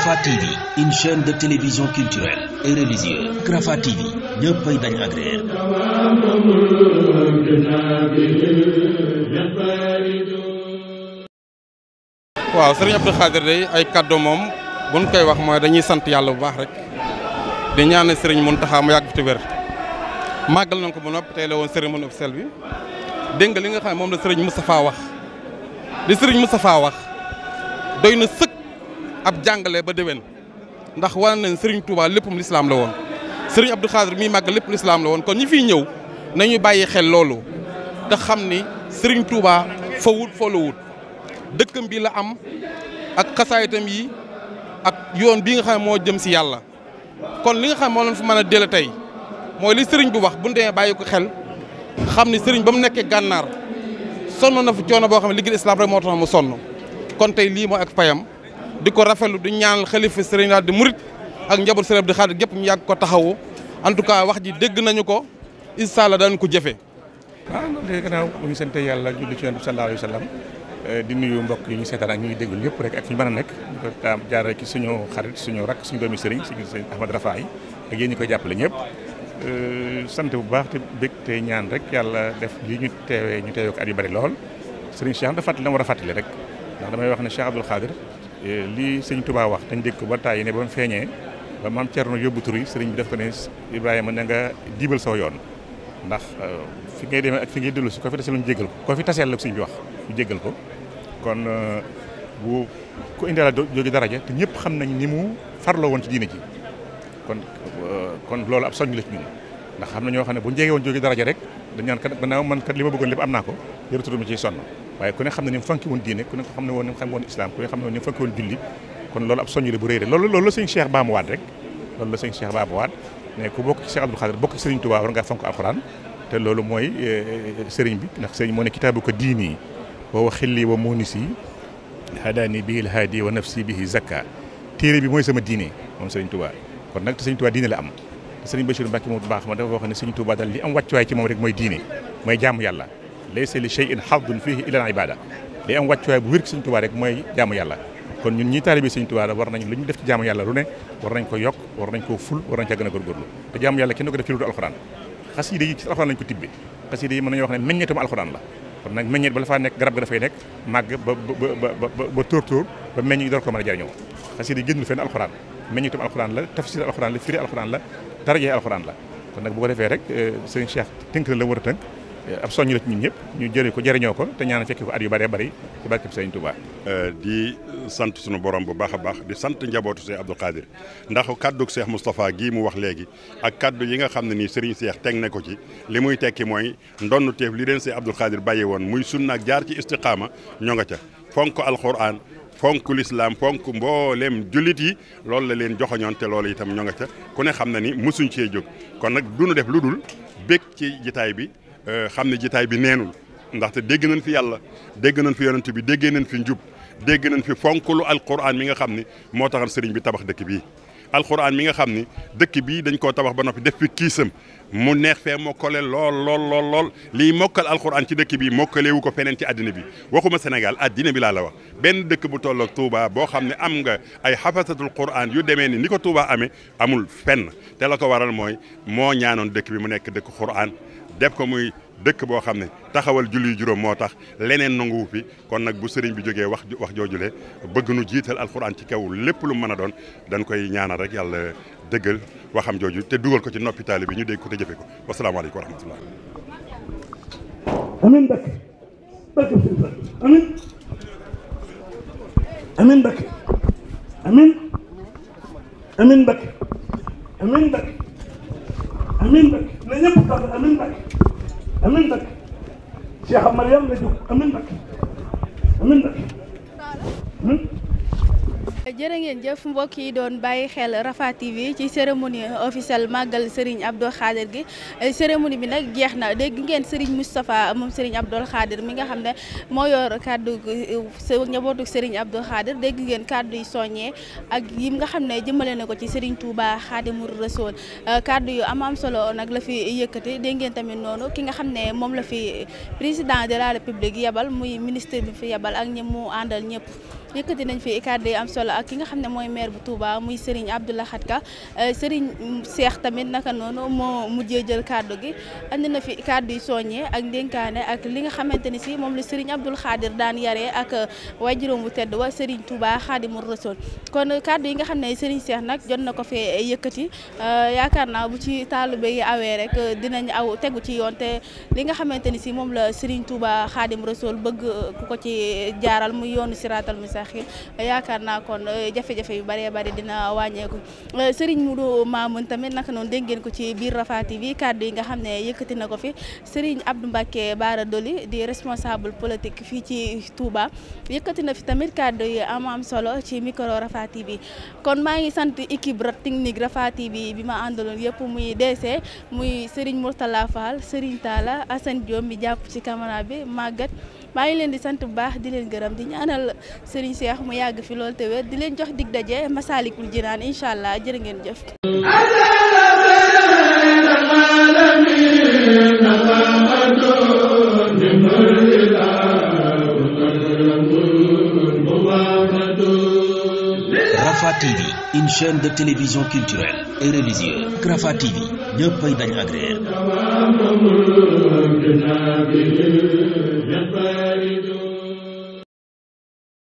Rafah TV une chaîne de télévision culturelle et religieuse Rafah TV ñëppay dañ waaw sëriñ Abdou Khadir day ay kàddoo moom buñ koy wax mooy dañuy sant yàlla bu baax rek di ñaanal sëriñ Mountakha mu yàgg fi te wér màggal nañ ko ba noppi tey la woon cérémonie officielle bi dégg nga li nga xam ne moom la sëriñ Moustapha wax li sëriñ Moustapha wax doy na sëkk ab jàngale ba déwén ndax wane nañ sëriñ Touba léppum lislaam la woon sëriñ Abdou Khadir miy màgg lépp lislaam la woon kon ñi fiy ñëw nañu bàyyi xel loolu te xam ni sëriñ tuuba fa wut foo la wut dëkkam bi la am ak xasaayitam yi ak yoon bii nga xam ne moo jëm si yàlla kon li nga xam moo leen fa man a déllu tey mooy li sëriñ bu wax bu ñu demee bàyyi ko xel xam ni sëriñ ba mu nekkee gànnaar sonn na fa coono boo xam ne liggéey islam rek moo tax mu sonn kon tey lii mooy ak payam di ko rafetlu di ñaanal xalifa Serigne Abdou Murit ak njaboot Serigne Abdou Khadre gépp ñu yàgg ko taxawu en tout cas wax ji dégg nañu ko incha allah dañ ko jëfee. ah loolu ñu yàlla julli ci Yonent bi sallallahu eh, di nuyu mbokk yi ñu seetaan ak ñu déglu yëpp rek ak fi ñu mën a nekk di ko taam jaarale ci suñu xarit suñu rak suñu doomi Serigne suñu Serigne Ahmad Rafaay ak yéen ñi koy jàppale ñëpp. Eh, sant bu baax te bég te ñaan rek yàlla def li ñu teewee ñu teewee ko at yu bari lool Serigne Cheikh dafa fàttali war a fàttali rek ndax wax ne Cheikh Abdoul Eh, lii sëñ Touba wax dañ dégg ko ba taay yi ne ba mu feeñee ba maam Thierno yóbbu tur yi sëriñ bi def ko ne Ibrahima na nga diibal saw yoon ndax eh, fi ngay fi dellu si ko fi tasee fi taseel la sëñ bi wax ñu jéggal ko kon eh, bu ku indi la jooju daraja te ñëpp xam nañ ni mu farloo woon ci diine ji kon loolu ab soññ la ci ñun ndax xam na ñoo xam ne bu njege woon jooju daraja rek dañ naan kat gannaaw man kat li ma bëggoon lépp am naa ko yëpp tudd ma ciy sonn waaye ku ne xam ne ni mu fanki woon diine ku ne xam ne woon ni mu xam woon islam ku ne xam ne woon kon loolu ab soñu la bu rëy rek loolu loolu la sëñ Cheikh baamuwaat rek loolu la ne ku bokk ci Cheikh Abdou Khadre bokk ci Serigne war ngaa fonk alxuraan te loolu mooy eh, eh, sëriñ bi ndax sëriñ moo ne kitaabu ko diini wa wa xilli wa munis yi hadaani bihi lhaadi wa nafsi bihi zakka téere bi mooy sama diine moom Serigne Touba kon nag te Serigne Touba diine la am te Serigne Bachir Mbacke moom baax ma dafa wax ne Serigne Touba daal moom rek mooy diine mooy jaamu yàlla laysa li shay'in xadun fihi illa al ibada day am wàccuwaay bu wér ci Sëñ Tuubaa rek mooy jaamu yàlla kon ñun ñi taalibe Sëñ Tuubaa war nañ lu ñu def ci jaamu yàlla lu ne war nañ ko yokk war nañ koo ful war nañ ca gën a góorgóorlu te jaamu yàlla kenn du ko def ci lu dul alxuraan xasida yi ci alxuraan lañ ko tibbi xasida yi mën nañu wax ne meññeetum alxuraan la kon nag meññeet ba la faa nekk garab ga dafay nekk màgg ba ba ba tóor tóor ba meññ a jariñoo xasida yi génnul fenn alxuraan meññeetum alxuraan la tafsir alxuraan la firi alxuraan la kon nag bu defee rek euh, Sëriñ Cheikh tënk na la war a tënk Eh, ab soññ la ñun ñëpp ñu jëri ko jëriñoo ko te ñaanal fekki ko at yu bëree bëri ci barkeb Sëriñ Tuubaa eh, di sant sunu borom bu baax a baax di sant njabootu Cheikh Abdou Khadir ndax kaddu Cheikh Moustapha gii mu wax léegi ak kaddu yi nga xam ne nii Serigne Cheikh teg na ko ci li muy tekki mooy ndonnu teef li leen Cheikh Abdou Khadir bàyyi woon muy sunna ak jaar ci istiqaama ñoo nga ca fonk alxuraan fonk lislaam fonk mboolem jullit yi loolu la leen joxoñoon te loolu itam ñoo nga ca ku xam na ni mosuñ cee jóg kon nag duñu def lu dul bi Euh, xam ne jitaay bi neenul ndaxte dégg nañ fi yàlla dégg nañ fi yonent bi déggee nañ fi njub dégg nañ fi fonklu alquran mi nga xam ni moo taxal sëriñ bi tabax dëkk bii alquran mi nga xam ni dëkk bii dañ koo tabax ba noppi def fi kiisam mu neex fee mokkale lool lool lool lool liy mokkal alquran ci dëkk bi mokkalewu ko feneen ci àddina bi waxuma Sénégal àddina bi laa la wax benn dëkk bu toll ak Touba boo xam ne am nga ay xafasatul quran yu demee ni ni ko tuubaa amee amul fenn te la ko waral mooy moo ñaanoon dëkk bi mu nekk dëkk quran def ko muy dëkk boo xam ne taxawal julli juróom moo tax leneen nanguwu fi kon nag bu sëriñ bi jógee wax wax joojule bëgg nu jiital alxuraan ci kaw lépp lu mën a doon dañ koy ñaanal rek yàlla dëggal waxam jooju te dugal ko ci noppi taali bi ñu dégg ko te jëfe ko wasalaamaaleykum wa rahmatullah amin amiin Mbakke Cheikh Amar yàlla na jóg amiin Mbakke amiin Mbakke jërë ngeen jëf mbokk yi doon bàyyi xel Rafah TV ci cérémonie officielle màggal Serigne Abdou Khadir gi cérémonie bi nag jeex na dégg ngeen Serigne Moustapha moom Serigne Abdou Khadir mi nga xam ne moo yor kàddu njabootu Serigne Abdou Khadir dégg ngeen kàddu yi soññee ak yi nga xam ne jëmale na ko ci Serigne Touba Khadimu Rasoul kaddu yu am am solo nag la fi yëkkati dégg ngeen tamit noonu ki nga xam ne moom la fi président de la république yebal muy ministre bi fi yebal ak ñi mu àndal ñëpp. yëkkati nañ fi kàddu yi am solo ak ki nga xam ne mooy maire bu Touba muy Serigne Abdou Lahad Ka euh, Serigne Cheikh tamit naka noonu moo mujje jël kàddu gi andi na fi kàddu yi soññee ak ndénkaane ak li nga xamante ni si moom la Serigne Abdoul Khadir daan yaree ak euh, waajuram bu tedd wa Serigne Touba Khadimou Rassoul kon kàddu yi nga xam ne Serigne nag jot na ko fee yëkkati euh, yaakaar naa bu ci taalibe yi awee rek dinañ aw tegu ci yoon te li nga xamante ni si moom la Serigne Touba Khadimou Rassoul bëgg ku ko ci jaaral muy yoonu siraatal misa tawféex yaakaar naa kon euh, jafe-jafe yu bëree bëri dina wàññeeku euh, Serigne Modou Mamoun tamit naka noonu dégg ko ci biir Rafah bi kàddu yi nga xam ne yëkkati na ko fi Serigne Abdou Mbacké Bara Dolly di responsable politique fii ci Touba yëkkati na fi tamit kàddu yi am am solo ci micro Rafah bi kon maa ngi sant équipe technique Rafah TV bi ma àndaloon yëpp muy DC muy Serigne Mourtala Fall Serigne Talla Assane Diom jàpp ci caméra bi Maguette maa ngi leen di sant bu baax di leen gërëm di ñaanal Serigne Cheikh mu yàgg fi lool te wér di leen jox dig daje Masaalikul Jinaan incha allah jër ngeen jëf. Rafah TV, une chaîne de télévision culturelle et religieuse. ñëppay dañ agréé